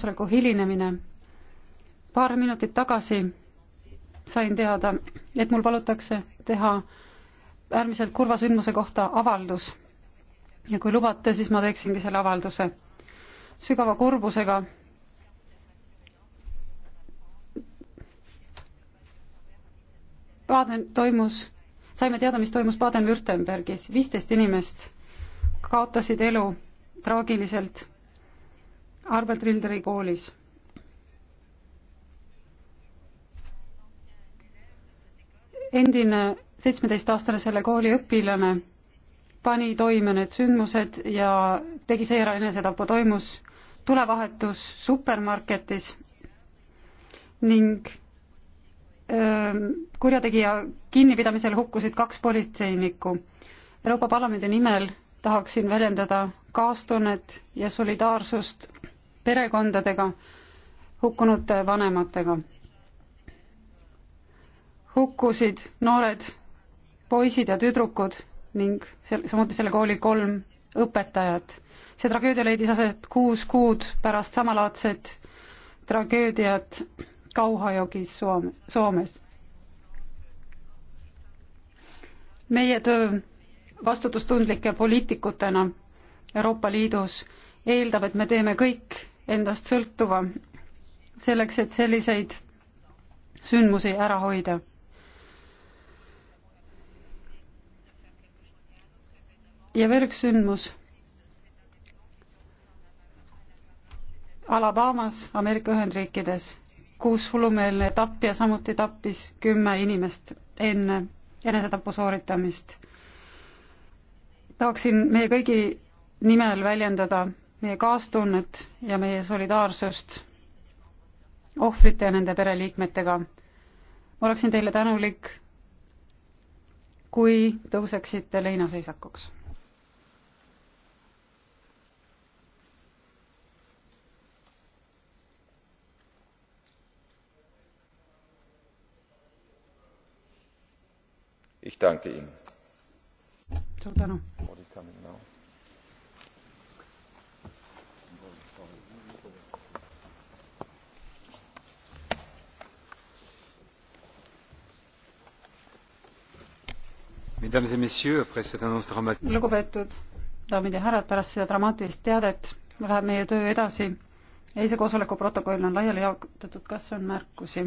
koosoleku hilinemine. paar minutit tagasi sain teada, et mul palutakse teha äärmiselt kurva sündmuse kohta avaldus. ja kui lubate, siis ma teeksingi selle avalduse. sügava kurbusega Baden toimus, saime teada, mis toimus Baden-Württembergis, viisteist inimest kaotasid elu traagiliselt Arbert Rilderi koolis. endine seitsmeteistaastane selle kooli õpilane pani toime need sündmused ja tegi seejärel enesetapu, toimus tulevahetus supermarketis ning kurjategija kinnipidamisel hukkusid kaks politseinikku. Euroopa Parlamendi nimel tahaksin väljendada kaastunnet ja solidaarsust perekondadega, hukkunute vanematega. hukkusid noored poisid ja tüdrukud ning sel-, samuti selle kooli kolm õpetajat. see tragöödia leidis aset kuus kuud pärast samalaadset tragöödiat Kauhajokis Soomes, Soomes. meie töö vastutustundlike poliitikutena Euroopa Liidus eeldab, et me teeme kõik endast sõltuva selleks, et selliseid sündmusi ära hoida. ja veel üks sündmus. Alabamas, Ameerika Ühendriikides, kus hullumeelne tapja samuti tappis kümme inimest enne enesetapu sooritamist. tahaksin meie kõigi nimel väljendada meie kaastunnet ja meie solidaarsust ohvrite ja nende pereliikmetega. ma oleksin teile tänulik, kui tõuseksite leinaseisakuks ich danke ihnen. lugupeetud daamid ja härrad, pärast seda dramaatilist teadet läheb meie töö edasi. eilse koosoleku protokoll on laiali jaotatud, kas on märkusi?